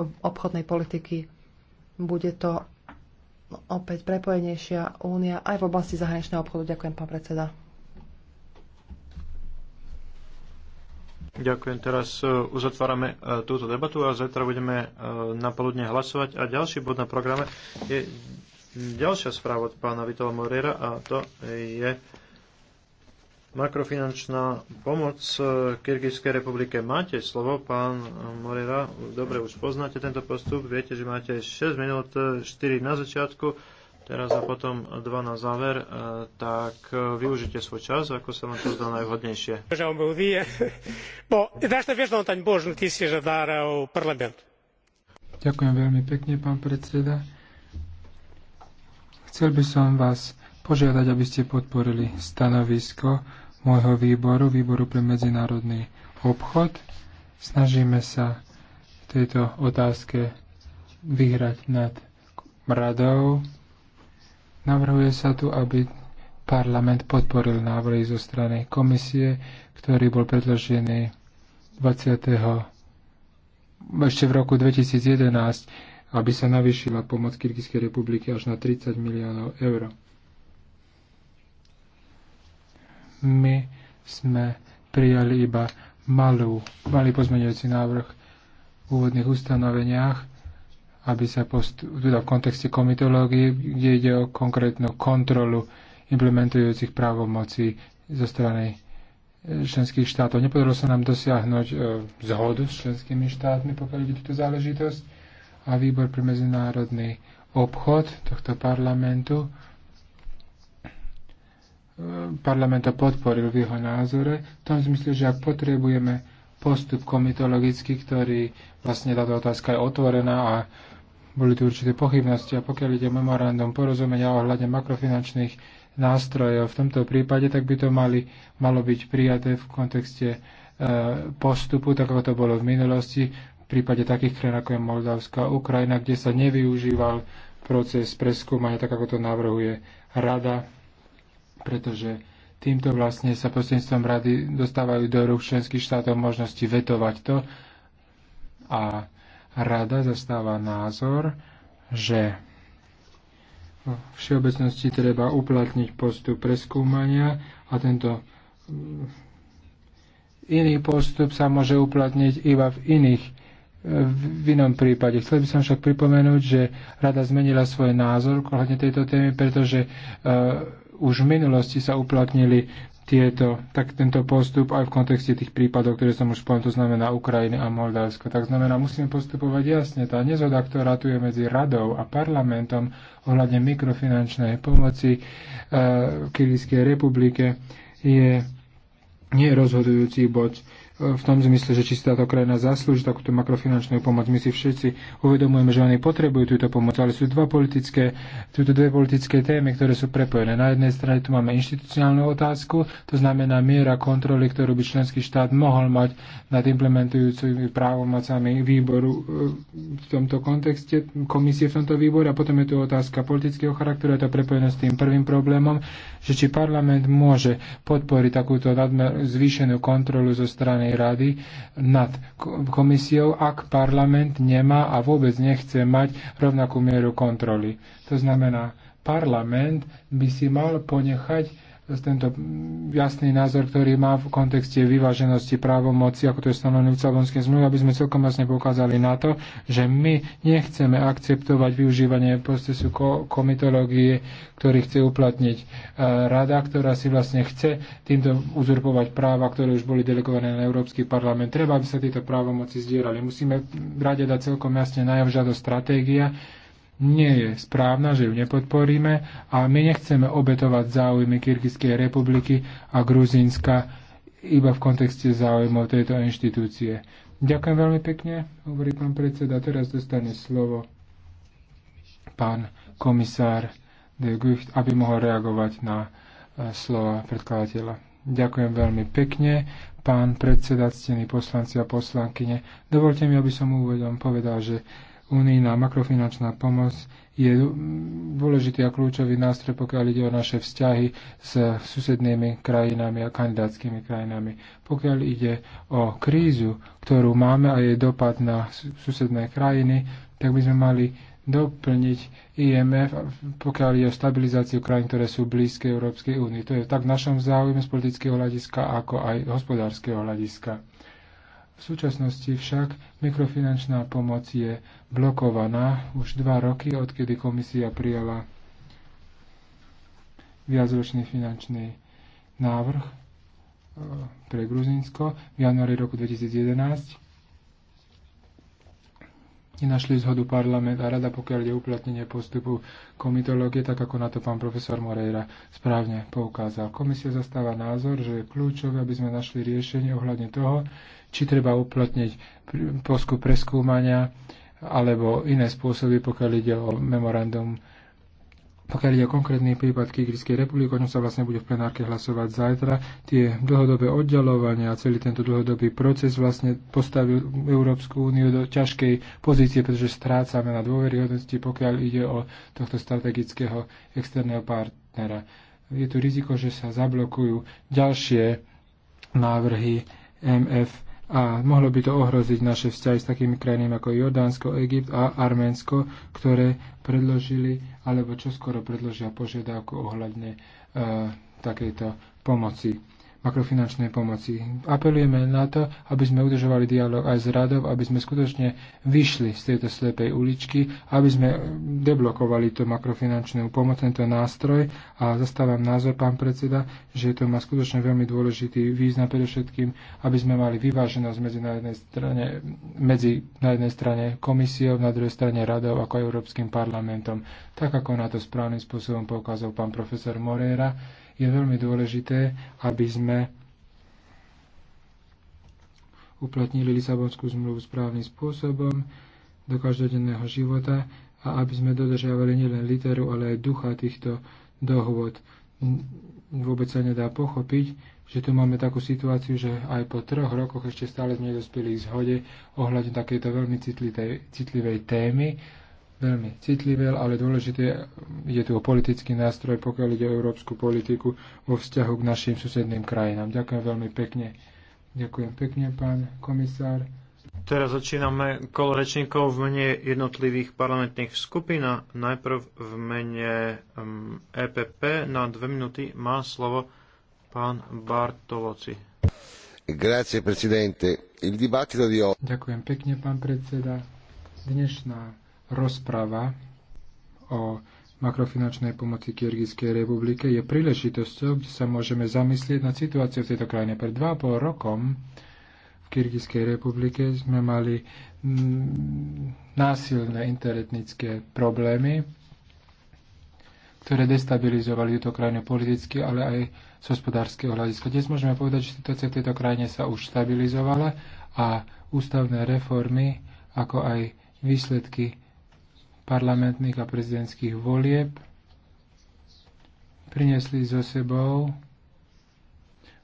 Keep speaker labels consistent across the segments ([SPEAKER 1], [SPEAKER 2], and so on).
[SPEAKER 1] obchodnej politiky. Bude to opäť prepojenejšia únia aj v oblasti zahraničného obchodu. Ďakujem, pán predseda.
[SPEAKER 2] Ďakujem. Teraz e, uzatvárame e, túto debatu a zajtra budeme e, na poludne hlasovať. A ďalší bod na programe je ďalšia správa od pána Vitola Morera a to je makrofinančná pomoc e, Kyrgyzskej republike. Máte slovo, pán Morera, dobre už poznáte tento postup, viete, že máte 6 minút, 4 e, na začiatku, teraz a potom 2 na záver, e, tak využite svoj čas, ako sa vám to zdá najvhodnejšie. No,
[SPEAKER 3] Ďakujem veľmi pekne, pán predseda. Chcel by som vás požiadať, aby ste podporili stanovisko môjho výboru, výboru pre medzinárodný obchod. Snažíme sa v tejto otázke vyhrať nad radou. Navrhuje sa tu, aby parlament podporil návrhy zo strany komisie, ktorý bol predložený 20. ešte v roku 2011, aby sa navýšila pomoc Kyrgyzskej republiky až na 30 miliónov eur. My sme prijali iba malú, malý pozmeňujúci návrh v úvodných ustanoveniach, aby sa post, teda v kontexte komitológie, kde ide o konkrétnu kontrolu implementujúcich právomocí zo strany e, členských štátov. Nepodarilo sa nám dosiahnuť e, zhodu s členskými štátmi, pokiaľ ide túto záležitosť. A výbor pre medzinárodný obchod tohto parlamentu parlament to podporil v jeho názore, v tom zmysle, že ak potrebujeme postup komitologický, ktorý vlastne táto otázka je otvorená a boli tu určité pochybnosti a pokiaľ ide memorandum porozumenia ohľadne makrofinančných nástrojov v tomto prípade, tak by to mali, malo byť prijaté v kontexte e, postupu, tak ako to bolo v minulosti, v prípade takých krajín ako je Moldavská Ukrajina, kde sa nevyužíval proces preskúmania, tak ako to navrhuje Rada pretože týmto vlastne sa prostredníctvom rady dostávajú do rúk členských štátov možnosti vetovať to a rada zastáva názor, že v všeobecnosti treba uplatniť postup preskúmania a tento mm, iný postup sa môže uplatniť iba v iných v inom prípade. Chcel by som však pripomenúť, že rada zmenila svoj názor ohľadne tejto témy, pretože uh, už v minulosti sa uplatnili tieto, tak tento postup aj v kontexte tých prípadov, ktoré som už spomenul, to znamená Ukrajiny a Moldavsko. Tak znamená, musíme postupovať jasne. Tá nezhoda, ktorá tu je medzi radou a parlamentom ohľadne mikrofinančnej pomoci uh, e, Kyrgyzskej republike, je nerozhodujúci bod. Uh, v tom zmysle, že či si táto krajina zaslúži takúto makrofinančnú pomoc. My si všetci uvedomujeme, že oni potrebujú túto pomoc, ale sú dva politické, túto dve politické témy, ktoré sú prepojené. Na jednej strane tu máme inštitucionálnu otázku, to znamená miera kontroly, ktorú by členský štát mohol mať nad implementujúcimi právomocami výboru eh, v tomto kontexte, komisie v tomto výbore. A potom je tu otázka politického charakteru, je to prepojené s tým prvým problémom, že či parlament môže podporiť takúto zvýšenú kontrolu zo strany Národnej rady nad komisiou, ak parlament nemá a vôbec nechce mať rovnakú mieru kontroly. To znamená, parlament by si mal ponechať tento jasný názor, ktorý má v kontexte vyváženosti právomoci, ako to je stanovené v Cavonskej zmluve, aby sme celkom jasne pokázali na to, že my nechceme akceptovať využívanie procesu komitológie, ktorý chce uplatniť e, rada, ktorá si vlastne chce týmto uzurpovať práva, ktoré už boli delegované na Európsky parlament. Treba, aby sa tieto právomoci zdierali. Musíme rade dať celkom jasne najavžado stratégia, nie je správna, že ju nepodporíme a my nechceme obetovať záujmy Kyrgyzskej republiky a Gruzínska iba v kontexte záujmov tejto inštitúcie. Ďakujem veľmi pekne, hovorí pán predseda. Teraz dostane slovo pán komisár de Gucht, aby mohol reagovať na e, slova predkladateľa. Ďakujem veľmi pekne, pán predseda, ctení poslanci a poslankyne. Dovolte mi, aby som úvodom povedal, že Unijná makrofinančná pomoc je dôležitý a kľúčový nástroj, pokiaľ ide o naše vzťahy s susednými krajinami a kandidátskými krajinami. Pokiaľ ide o krízu, ktorú máme a jej dopad na susedné krajiny, tak by sme mali doplniť IMF, pokiaľ je o stabilizáciu krajín, ktoré sú blízke Európskej únii. To je tak v našom záujme z politického hľadiska, ako aj hospodárskeho hľadiska. V súčasnosti však mikrofinančná pomoc je blokovaná už dva roky, odkedy komisia prijala viacročný finančný návrh e, pre Gruzinsko v januári roku 2011 nenašli zhodu parlament a rada, pokiaľ je uplatnenie postupu komitológie, tak ako na to pán profesor Moreira správne poukázal. Komisia zastáva názor, že je kľúčové, aby sme našli riešenie ohľadne toho, či treba uplatniť posku preskúmania alebo iné spôsoby, pokiaľ ide o memorandum pokiaľ ide o konkrétny prípad Kyrgyzskej republiky, o ňom sa vlastne bude v plenárke hlasovať zajtra. Tie dlhodobé oddelovania a celý tento dlhodobý proces vlastne postavil Európsku úniu do ťažkej pozície, pretože strácame na dôveryhodnosti, pokiaľ ide o tohto strategického externého partnera. Je tu riziko, že sa zablokujú ďalšie návrhy MF a mohlo by to ohroziť naše vzťahy s takými krajinami ako Jordánsko, Egypt a Arménsko, ktoré predložili alebo čoskoro predložia požiadavku ohľadne uh, takejto pomoci makrofinančnej pomoci. Apelujeme na to, aby sme udržovali dialog aj s radov, aby sme skutočne vyšli z tejto slepej uličky, aby sme deblokovali tú makrofinančnú pomoc, tento nástroj a zastávam názor, pán predseda, že to má skutočne veľmi dôležitý význam predovšetkým, aby sme mali vyváženosť medzi na jednej strane, medzi na jednej strane komisiou, na druhej strane radov ako Európskym parlamentom, tak ako na to správnym spôsobom poukázal pán profesor Moreira je veľmi dôležité, aby sme uplatnili Lisabonskú zmluvu správnym spôsobom do každodenného života a aby sme dodržiavali nielen literu, ale aj ducha týchto dohôd. Vôbec sa nedá pochopiť, že tu máme takú situáciu, že aj po troch rokoch ešte stále sme nedospeli k zhode ohľadne takejto veľmi citlivej, citlivej témy, veľmi citlivé, ale dôležité je tu politický nástroj, pokiaľ ide o európsku politiku vo vzťahu k našim susedným krajinám. Ďakujem veľmi pekne. Ďakujem pekne, pán komisár.
[SPEAKER 2] Teraz začíname kolo rečníkov v mene jednotlivých parlamentných skupín a najprv v mene EPP e na dve minúty má slovo pán Bartoloci.
[SPEAKER 3] Grazie, presidente. Il dibattito di... Ďakujem pekne, pán predseda. Dnešná rozprava o makrofinančnej pomoci Kyrgyzskej republike je príležitosťou, kde sa môžeme zamyslieť na situáciu v tejto krajine. Pred 2,5 rokom v Kyrgyzskej republike sme mali mm, násilné interetnické problémy, ktoré destabilizovali túto krajinu politicky, ale aj z hospodárskeho hľadiska. Dnes môžeme povedať, že situácia v tejto krajine sa už stabilizovala a ústavné reformy, ako aj výsledky parlamentných a prezidentských volieb priniesli so sebou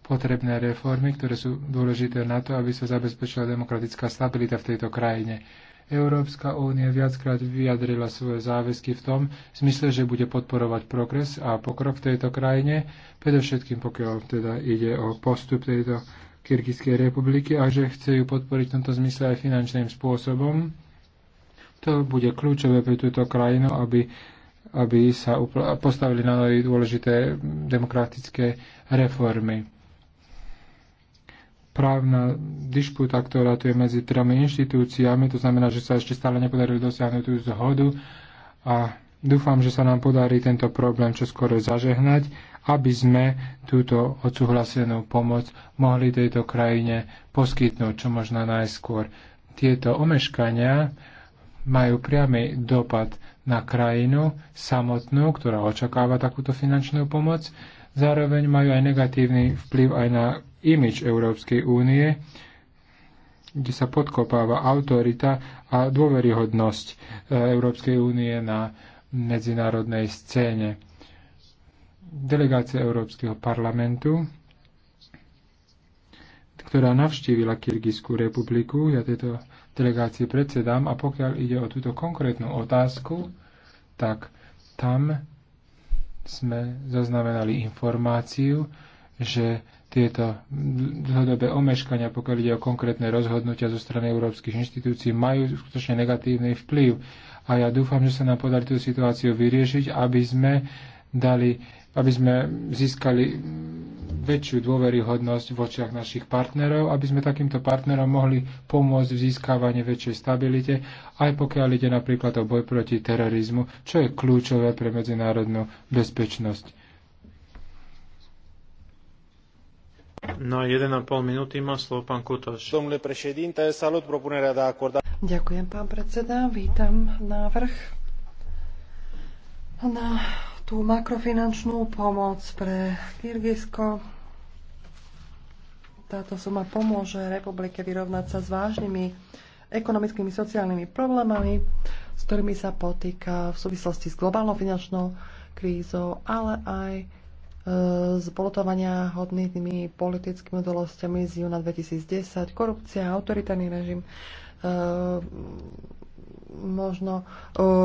[SPEAKER 3] potrebné reformy, ktoré sú dôležité na to, aby sa zabezpečila demokratická stabilita v tejto krajine. Európska únia viackrát vyjadrila svoje záväzky v tom v zmysle, že bude podporovať progres a pokrok v tejto krajine, predovšetkým pokiaľ teda ide o postup tejto Kyrgyzskej republiky a že chce ju podporiť v tomto zmysle aj finančným spôsobom to bude kľúčové pre túto krajinu, aby, aby sa postavili na nové dôležité demokratické reformy. Právna disputa, ktorá tu je medzi tromi inštitúciami, to znamená, že sa ešte stále nepodarilo dosiahnuť tú zhodu a Dúfam, že sa nám podarí tento problém čoskoro zažehnať, aby sme túto odsúhlasenú pomoc mohli tejto krajine poskytnúť čo možno najskôr. Tieto omeškania majú priamy dopad na krajinu samotnú, ktorá očakáva takúto finančnú pomoc. Zároveň majú aj negatívny vplyv aj na imič Európskej únie, kde sa podkopáva autorita a dôveryhodnosť e, Európskej únie na medzinárodnej scéne. Delegácia Európskeho parlamentu ktorá navštívila Kyrgyzskú republiku. Ja tieto delegácie predsedám a pokiaľ ide o túto konkrétnu otázku, tak tam sme zaznamenali informáciu, že tieto dlhodobé omeškania, pokiaľ ide o konkrétne rozhodnutia zo strany európskych inštitúcií, majú skutočne negatívny vplyv. A ja dúfam, že sa nám podarí tú situáciu vyriešiť, aby sme dali, aby sme získali väčšiu dôveryhodnosť v očiach našich partnerov, aby sme takýmto partnerom mohli pomôcť v získavaní väčšej stabilite, aj pokiaľ ide napríklad o boj proti terorizmu, čo je kľúčové pre medzinárodnú bezpečnosť.
[SPEAKER 2] No, 1,5 minúty má slovo pán Kutoš.
[SPEAKER 1] Ďakujem, pán predseda. Vítam návrh na tú makrofinančnú pomoc pre Kyrgyzsko táto suma pomôže republike vyrovnať sa s vážnymi ekonomickými, sociálnymi problémami, s ktorými sa potýka v súvislosti s globálnou finančnou krízou, ale aj e, z polotovania hodnými politickými udalostiami z júna 2010, korupcia, autoritárny režim, e, možno e,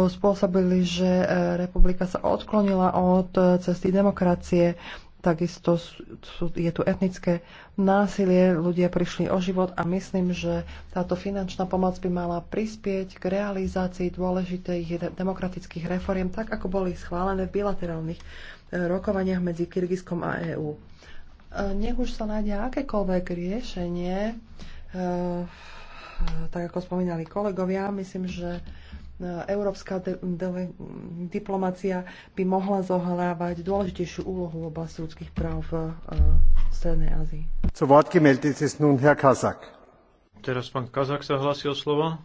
[SPEAKER 1] spôsobili, že republika sa odklonila od cesty demokracie. Takisto sú, je tu etnické násilie, ľudia prišli o život a myslím, že táto finančná pomoc by mala prispieť k realizácii dôležitých demokratických reforiem, tak ako boli schválené v bilaterálnych e, rokovaniach medzi Kyrgyzskom a EÚ. E, nech už sa nájde akékoľvek riešenie, e, tak ako spomínali kolegovia, myslím, že E, európska de- de- diplomácia by mohla zohrávať dôležitejšiu úlohu v oblasti ľudských práv v, e, v Strednej Ázii. Zu
[SPEAKER 3] Wort gemeldet ist nun Herr Kazak.
[SPEAKER 2] Teraz pán Kazak sa hlási o slovo.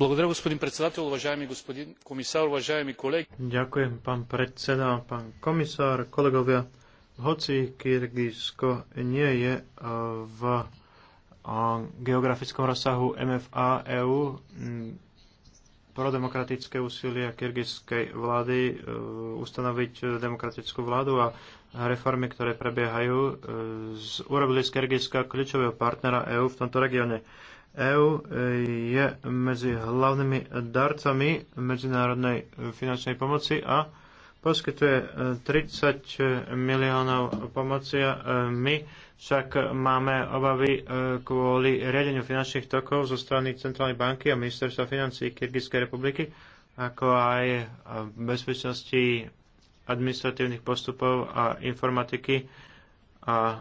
[SPEAKER 4] Благодаря, господин председател, уважаеми господин комисар, уважаеми колеги.
[SPEAKER 2] Ďakujem, pán predseda, pán komisár, kolegovia. Hoci Kyrgyzsko nie je e, v o geografickom rozsahu MFA EU prodemokratické úsilie kyrgyzskej vlády e, ustanoviť e, demokratickú vládu a reformy, ktoré prebiehajú, e, urobili z Kyrgyzska kľúčového partnera EÚ v tomto regióne. EÚ je medzi hlavnými darcami medzinárodnej finančnej pomoci a poskytuje 30 e, e, miliónov pomoci a e, my však máme obavy kvôli riadeniu finančných tokov zo strany Centrálnej banky a Ministerstva financí Kyrgyzskej republiky, ako aj bezpečnosti administratívnych postupov a informatiky a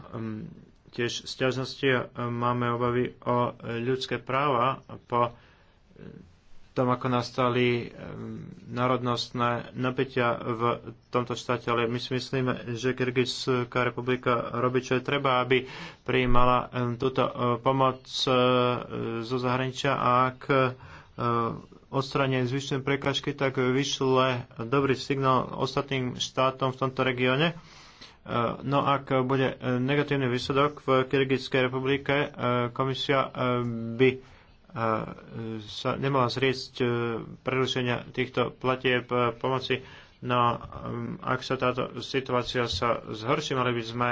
[SPEAKER 2] tiež sťažnosti máme obavy o ľudské práva po tom, ako nastali národnostné napätia v tomto štáte, ale my si myslíme, že Kyrgyzská republika robí, čo je treba, aby prijímala túto e, pomoc e, zo zahraničia a ak e, odstranie zvyšné prekažky, tak vyšle dobrý signál ostatným štátom v tomto regióne. No ak bude negatívny výsledok v Kyrgyzskej republike, komisia by E, sa nemala zrieť e, prerušenia týchto platieb e, pomoci. No, ak sa táto situácia sa zhorší, mali by sme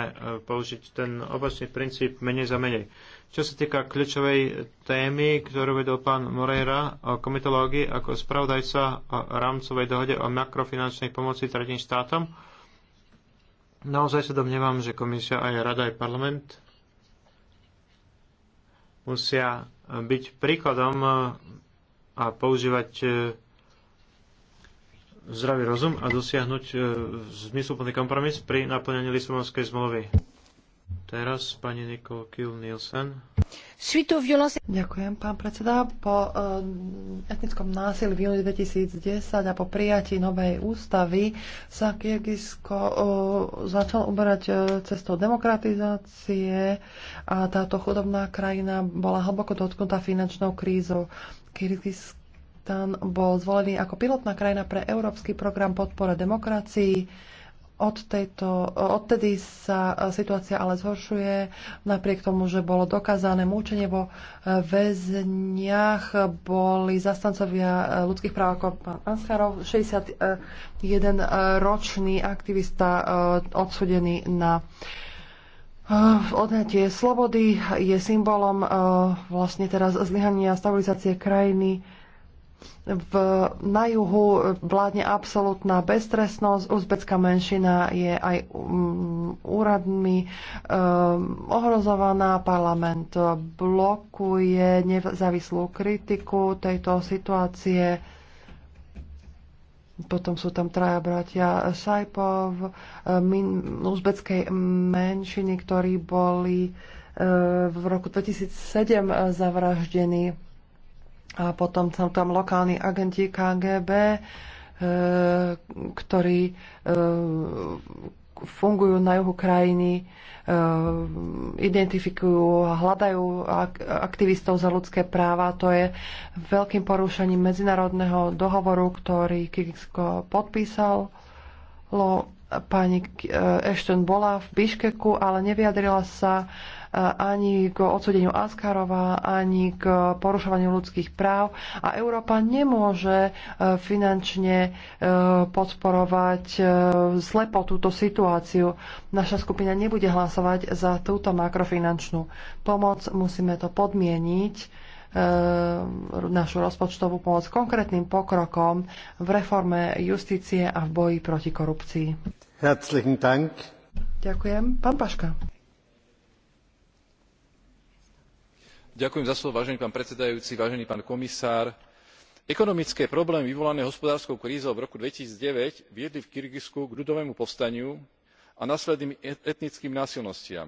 [SPEAKER 2] použiť ten obačný princíp menej za menej. Čo sa týka kľúčovej témy, ktorú vedol pán Moreira o komitológii ako spravodajca o rámcovej dohode o makrofinančnej pomoci tretím štátom, naozaj sa domnievam, že komisia aj rada aj parlament musia byť príkladom e, a používať e, zdravý rozum a dosiahnuť e, zmysluplný kompromis pri naplňaní Lisabonskej zmluvy. Teraz pani Nielsen.
[SPEAKER 1] Ďakujem, pán predseda. Po eh, etnickom násilí v júni 2010 a po prijatí novej ústavy sa Kyrgyzsko eh, začal uberať eh, cestou demokratizácie a táto chudobná krajina bola hlboko dotknutá finančnou krízou. Kyrgyzstan bol zvolený ako pilotná krajina pre európsky program podpora demokracii od tejto, odtedy sa e, situácia ale zhoršuje, napriek tomu, že bolo dokázané mučenie vo e, väzniach, boli zastancovia e, ľudských práv ako pán Anskarov, 61-ročný aktivista odsudený na odňatie slobody, je symbolom vlastne teraz zlyhania stabilizácie krajiny v, na juhu vládne absolútna beztrestnosť, uzbecká menšina je aj um, úradmi um, ohrozovaná, parlament blokuje nezávislú kritiku tejto situácie. Potom sú tam traja bratia Šajpov, ehm, min, uzbeckej menšiny, ktorí boli ehm, v roku 2007 zavraždení a potom sú tam lokálni agenti KGB, e, ktorí e, fungujú na juhu krajiny, e, identifikujú a hľadajú aktivistov za ľudské práva. To je veľkým porušením medzinárodného dohovoru, ktorý Kirgisko podpísal pani eh, Ashton bola v Biškeku, ale nevyjadrila sa eh, ani k odsudeniu Askarova, ani k porušovaniu ľudských práv. A Európa nemôže eh, finančne podporovať slepo túto situáciu. Naša skupina nebude hlasovať za túto makrofinančnú pomoc. Musíme to podmieniť E, našu rozpočtovú pomoc konkrétnym pokrokom v reforme justície a v boji proti korupcii. Herzlichen Dank. Ďakujem. Pán Paška.
[SPEAKER 4] Ďakujem za slovo, vážený pán predsedajúci, vážený pán komisár. Ekonomické problémy vyvolané hospodárskou krízou v roku 2009 viedli v Kyrgyzsku k ľudovému povstaniu a následným etnickým násilnostiam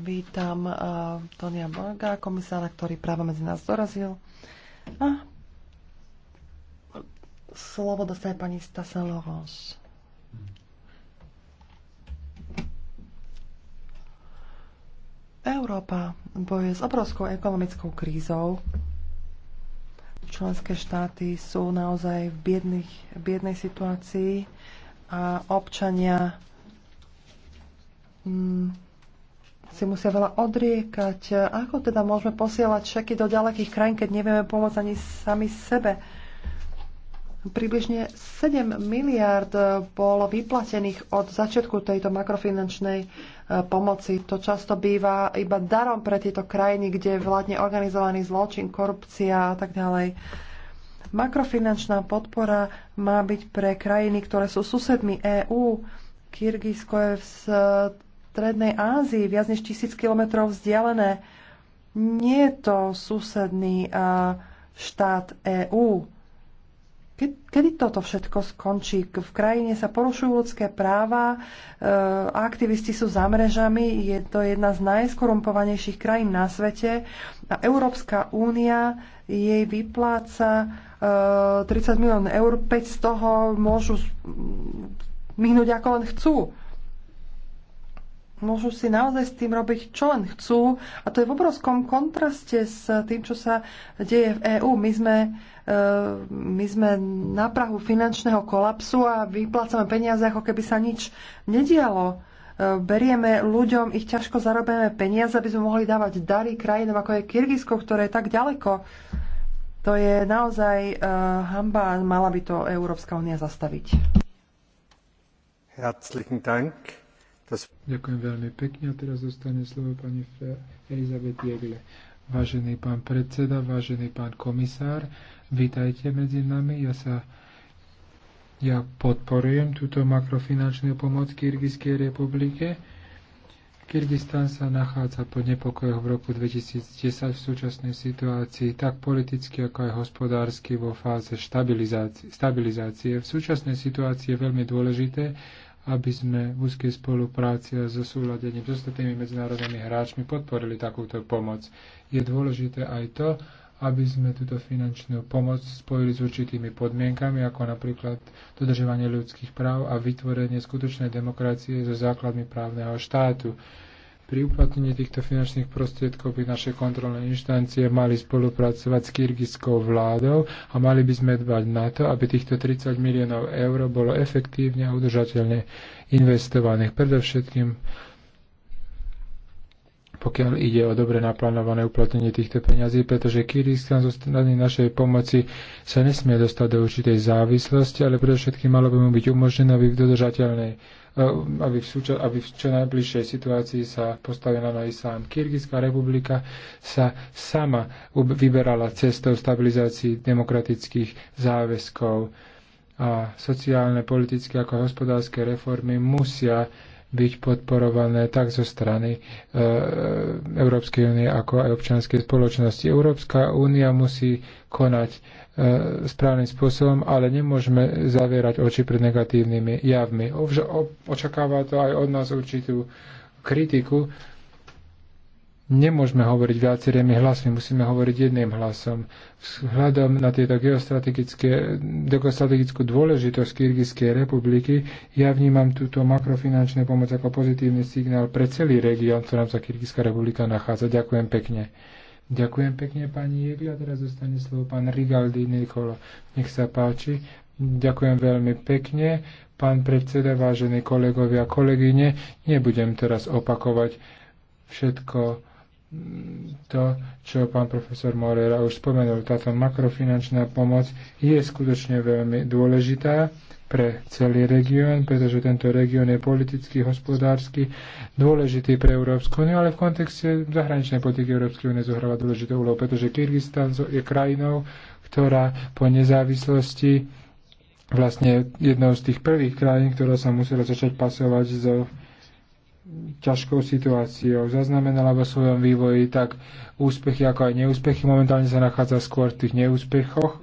[SPEAKER 1] Vítam uh, Tonia Borga, komisára, ktorý práve medzi nás dorazil. A slovo dostane pani Stasa Laurence. Európa boje s obrovskou ekonomickou krízou. Členské štáty sú naozaj v biedných, biednej situácii a občania mm, si musia veľa odriekať. Ako teda môžeme posielať šeky do ďalekých krajín, keď nevieme pomôcť ani sami sebe? Približne 7 miliard bolo vyplatených od začiatku tejto makrofinančnej e, pomoci. To často býva iba darom pre tieto krajiny, kde vládne organizovaný zločin, korupcia a tak ďalej. Makrofinančná podpora má byť pre krajiny, ktoré sú susedmi EÚ. Kyrgyzsko je v Strednej Ázii, viac než tisíc kilometrov vzdialené. Nie je to susedný štát EÚ. Kedy toto všetko skončí? V krajine sa porušujú ľudské práva, e, aktivisti sú za mrežami, je to jedna z najskorumpovanejších krajín na svete a Európska únia jej vypláca 30 e, milión eur, 5 z toho môžu minúť ako len chcú môžu si naozaj s tým robiť, čo len chcú. A to je v obrovskom kontraste s tým, čo sa deje v EÚ. My sme, e, my sme na Prahu finančného kolapsu a vyplácame peniaze, ako keby sa nič nedialo. E, berieme ľuďom ich ťažko zarobené peniaze, aby sme mohli dávať dary krajinám, ako je Kyrgyzsko, ktoré je tak ďaleko. To je naozaj uh, hamba a mala by to Európska únia zastaviť.
[SPEAKER 3] Herzlichen Dank. Ďakujem veľmi pekne a teraz zostane slovo pani Elizabeth Jegle. Vážený pán predseda, vážený pán komisár, vítajte medzi nami. Ja sa ja podporujem túto makrofinančnú pomoc Kyrgyzskej republike. Kyrgyzstan sa nachádza po nepokojoch v roku 2010 v súčasnej situácii tak politicky, ako aj hospodársky vo fáze stabilizácie. stabilizácie. V súčasnej situácii je veľmi dôležité, aby sme v úzkej spolupráci a so súladením s ostatnými medzinárodnými hráčmi podporili takúto pomoc. Je dôležité aj to, aby sme túto finančnú pomoc spojili s určitými podmienkami, ako napríklad dodržovanie ľudských práv a vytvorenie skutočnej demokracie so základmi právneho štátu. Pri uplatnení týchto finančných prostriedkov by naše kontrolné inštancie mali spolupracovať s kyrgyzskou vládou a mali by sme dbať na to, aby týchto 30 miliónov eur bolo efektívne a udržateľne investovaných. Predovšetkým pokiaľ ide o dobre naplánované uplatnenie týchto peňazí, pretože Kyrgyzstan zo strany našej pomoci sa nesmie dostať do určitej závislosti, ale predovšetkým malo by mu byť umožnené, aby v dodržateľnej Eh, aby v, súča- aby v čo najbližšej situácii sa postavila na islám. sám. Kyrgyzská republika sa sama vyberala cestou stabilizácií demokratických záväzkov a sociálne, politické ako hospodárske reformy musia byť podporované tak zo strany e, Európskej únie ako aj občianskej spoločnosti. Európska únia musí konať E, správnym spôsobom, ale nemôžeme zavierať oči pred negatívnymi javmi. Očakáva to aj od nás určitú kritiku. Nemôžeme hovoriť viacerými hlasmi, musíme hovoriť jedným hlasom. Vzhľadom na tieto geostrategickú dôležitosť Kyrgyzskej republiky, ja vnímam túto makrofinančnú pomoc ako pozitívny signál pre celý región, v ktorom sa Kyrgyzská republika nachádza. Ďakujem pekne. Ďakujem pekne, pani Jegli. A teraz zostane slovo pán Rigaldi Nikolo. Nech sa páči. Ďakujem veľmi pekne. Pán predseda, vážení kolegovia a kolegyne, nebudem teraz opakovať všetko, to, čo pán profesor Morera už spomenul, táto makrofinančná pomoc je skutočne veľmi dôležitá pre celý región, pretože tento región je politicky, hospodársky dôležitý pre Európsku úniu, ale v kontexte zahraničnej politiky Európskej únie zohráva dôležitú úlohu, pretože Kyrgyzstan je krajinou, ktorá po nezávislosti vlastne jednou z tých prvých krajín, ktorá sa musela začať pasovať so ťažkou situáciou. Zaznamenala vo svojom vývoji tak úspechy ako aj neúspechy. Momentálne sa nachádza skôr v tých neúspechoch,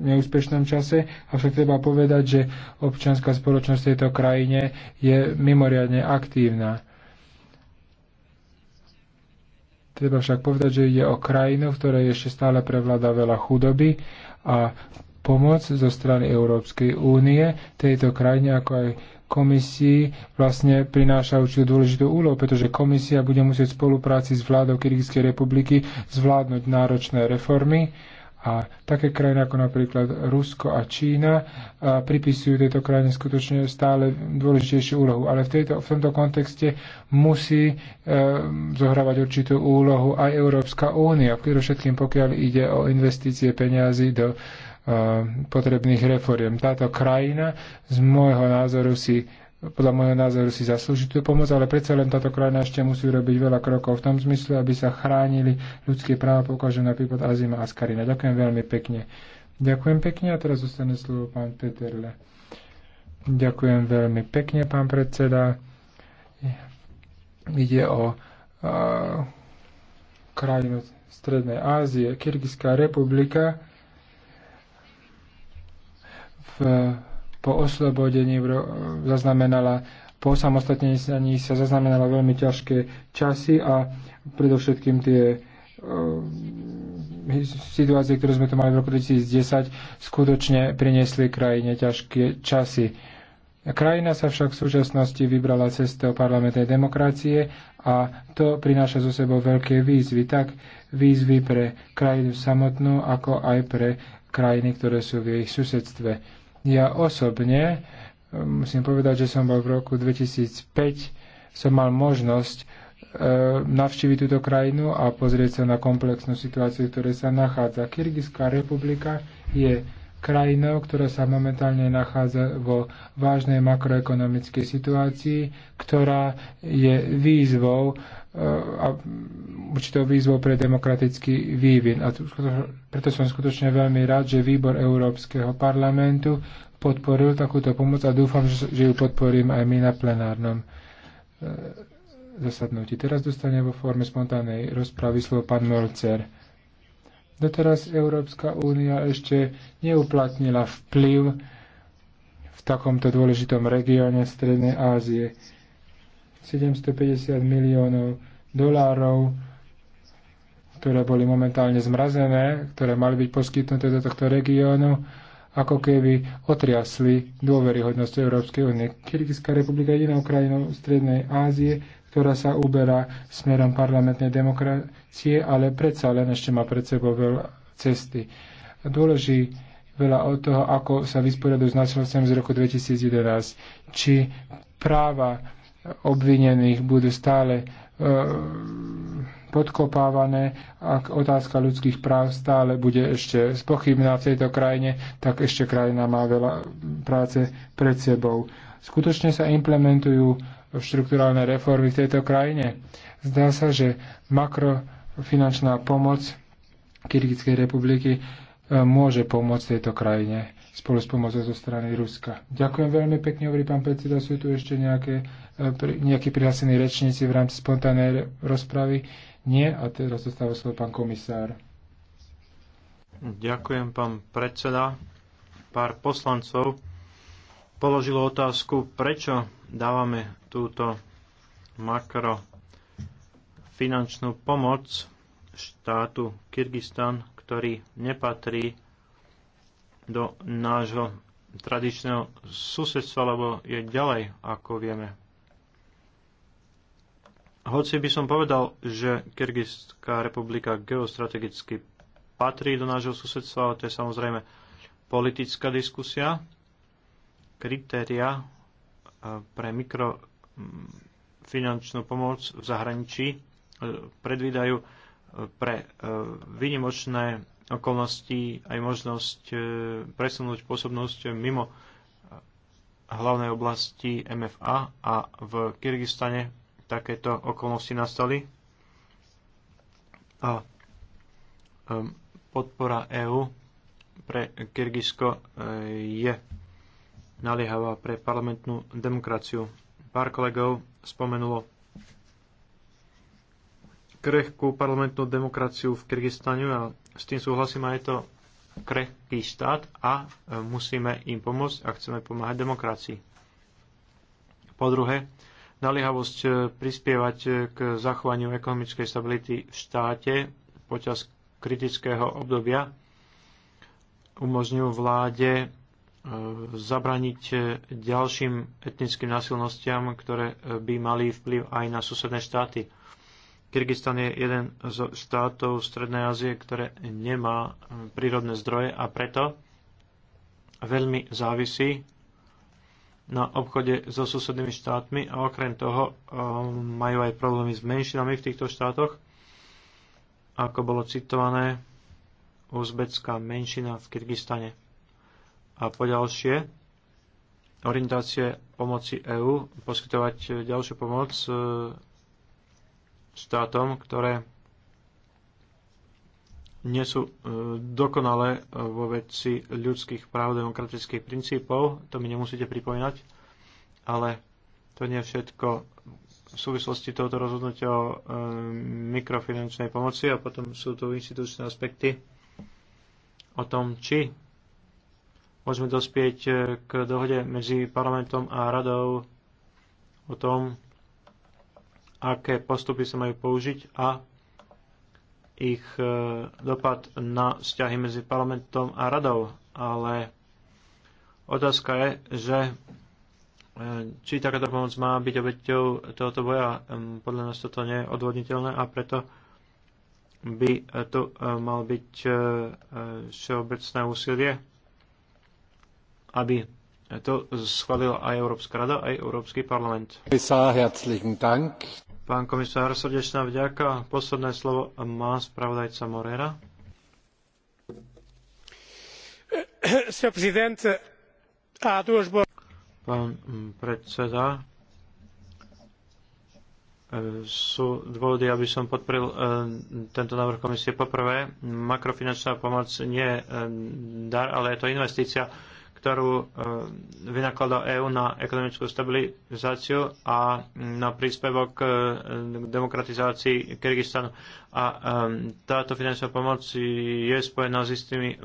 [SPEAKER 3] neúspešnom čase. Avšak treba povedať, že občianská spoločnosť v tejto krajine je mimoriadne aktívna. Treba však povedať, že ide o krajinu, v ktorej ešte stále prevláda veľa chudoby a pomoc zo strany Európskej únie tejto krajine, ako aj komisii vlastne prináša určitú dôležitú úlohu, pretože komisia bude musieť v spolupráci s vládou Kyrgyzskej republiky zvládnuť náročné reformy a také krajiny ako napríklad Rusko a Čína a pripisujú tejto krajine skutočne stále dôležitejšiu úlohu. Ale v, tejto, v tomto kontexte musí e, zohrávať určitú úlohu aj Európska únia, predovšetkým pokiaľ ide o investície peniazy do potrebných reforiem. Táto krajina z môjho názoru si podľa môjho názoru si zaslúži tú pomoc, ale predsa len táto krajina ešte musí robiť veľa krokov v tom zmysle, aby sa chránili ľudské práva, poukážem napríklad Azima Askarina. Ďakujem veľmi pekne. Ďakujem pekne a teraz zostane slovo pán Peterle. Ďakujem veľmi pekne, pán predseda. Ide o a, krajinu Strednej Ázie, Kyrgyzská republika v, po oslobodení zaznamenala po samostatnení sa zaznamenala veľmi ťažké časy a predovšetkým tie e, situácie, ktoré sme tu mali v roku 2010, skutočne priniesli krajine ťažké časy. Krajina sa však v súčasnosti vybrala cestou parlamentnej demokracie a to prináša zo sebou veľké výzvy, tak výzvy pre krajinu samotnú, ako aj pre krajiny, ktoré sú v jej susedstve. Ja osobne e, musím povedať, že som bol v roku 2005, som mal možnosť e, navštíviť túto krajinu a pozrieť sa na komplexnú situáciu, v ktorej sa nachádza. Kyrgyzská republika je krajinou, ktorá sa momentálne nachádza vo vážnej makroekonomickej situácii, ktorá je výzvou a určitou výzvou pre demokratický vývin. A preto som skutočne veľmi rád, že výbor Európskeho parlamentu podporil takúto pomoc a dúfam, že ju podporím aj my na plenárnom eh, zasadnutí. Teraz dostane vo forme spontánnej rozpravy slovo pán Molcer. Doteraz Európska únia ešte neuplatnila vplyv v takomto dôležitom regióne Strednej Ázie. 750 miliónov dolárov, ktoré boli momentálne zmrazené, ktoré mali byť poskytnuté do tohto regiónu, ako keby otriasli dôveryhodnosť Európskej únie. Kyrgyzská republika je jedinou krajinou Strednej Ázie, ktorá sa uberá smerom parlamentnej demokracie, ale predsa len ešte má pred sebou veľa cesty. Dôleží veľa od toho, ako sa vysporiadujú s násilnostiami z roku 2011. Či práva obvinených budú stále e, podkopávané, ak otázka ľudských práv stále bude ešte spochybná v tejto krajine, tak ešte krajina má veľa práce pred sebou. Skutočne sa implementujú štruktúrálne reformy v tejto krajine. Zdá sa, že makrofinančná pomoc Kyrgyzskej republiky e, môže pomôcť tejto krajine spolu s pomocou zo strany Ruska. Ďakujem veľmi pekne, hovorí pán predseda. Sú tu ešte nejaké nejakí prihlásení rečníci v rámci spontánnej rozpravy? Nie. A teraz zostáva
[SPEAKER 2] slovo pán komisár. Ďakujem, pán predseda. Pár poslancov položilo otázku, prečo dávame túto makro finančnú pomoc štátu Kyrgyzstan, ktorý nepatrí do nášho tradičného susedstva, lebo je ďalej, ako vieme. Hoci by som povedal, že Kyrgyzská republika geostrategicky patrí do nášho susedstva, ale to je samozrejme politická diskusia. Kritéria e, pre mikrofinančnú pomoc v zahraničí e, predvídajú e, pre výnimočné okolnosti aj možnosť presunúť pôsobnosť mimo hlavnej oblasti MFA a v Kyrgyzstane takéto okolnosti nastali. A podpora EÚ pre Kyrgyzsko e, je naliehavá pre parlamentnú demokraciu. Pár kolegov spomenulo krehkú parlamentnú demokraciu v Kyrgyzstane a s tým súhlasím aj je to krehký štát a e, musíme im pomôcť a chceme pomáhať demokracii. Po druhé, naliehavosť e, prispievať e, k zachovaniu ekonomickej stability v štáte počas kritického obdobia umožňujú vláde e, zabraniť ďalším etnickým násilnostiam, ktoré by mali vplyv aj na susedné štáty. Kyrgyzstan je jeden z štátov Strednej Ázie, ktoré nemá prírodné zdroje a preto veľmi závisí na obchode so susednými štátmi a okrem toho um, majú aj problémy s menšinami v týchto štátoch. Ako bolo citované, uzbecká menšina v Kyrgyzstane. A po ďalšie orientácie pomoci EÚ poskytovať ďalšiu pomoc uh, štátom, ktoré nie sú e, dokonale vo veci ľudských práv, demokratických princípov, to mi nemusíte pripomínať, ale to nie všetko v súvislosti tohoto rozhodnutia o e, mikrofinančnej pomoci a potom sú tu inštitučné aspekty o tom, či môžeme dospieť e, k dohode medzi parlamentom a radou o tom, aké postupy sa majú použiť a ich e, dopad na vzťahy medzi parlamentom a radou, ale otázka je, že e, či takáto pomoc má byť obeťou tohoto boja. E, podľa nás toto nie je odvodniteľné a preto by to mal byť všeobecné úsilie, aby to schválila aj Európska rada, aj Európsky parlament. Dank. Pán komisár, srdečná vďaka. Posledné slovo má spravodajca Morera. Pán predseda, e, sú dôvody, aby som podporil e, tento návrh komisie. Poprvé, makrofinančná pomoc nie je e, dar, ale je to investícia ktorú eh, vynakladá EÚ na ekonomickú stabilizáciu a mm, na príspevok eh, k demokratizácii Kyrgyzstanu. A eh, táto finančná pomoc je spojená s istými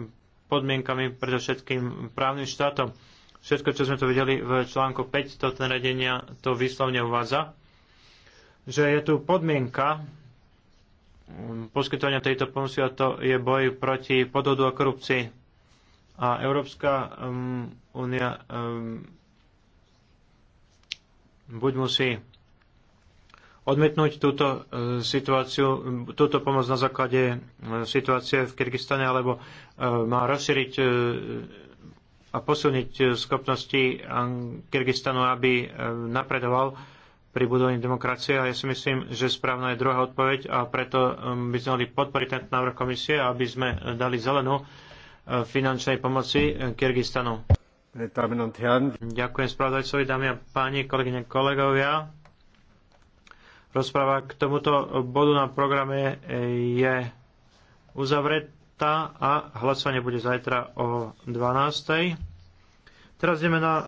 [SPEAKER 2] podmienkami, predovšetkým právnym štátom. Všetko, čo sme tu videli v článku 5 toto nariadenia, to výslovne uvádza, že je tu podmienka mm, poskytovania tejto pomoci a to je boj proti podvodu a korupcii a Európska um, únia um, um, buď musí odmietnúť túto uh, situáciu, túto pomoc na základe uh, situácie v Kyrgyzstane, alebo uh, má rozšíriť a posilniť schopnosti um, Kyrgyzstanu, aby napredoval pri budovaní demokracie a ja si myslím, že správna je druhá odpoveď a preto um, by sme mali podporiť tento návrh komisie, aby sme dali zelenú finančnej pomoci Kyrgyzstanu. Ďakujem spravodajcovi, dámy a páni, kolegyne, kolegovia. Rozpráva k tomuto bodu na programe je uzavretá a hlasovanie bude zajtra o 12. Teraz ideme na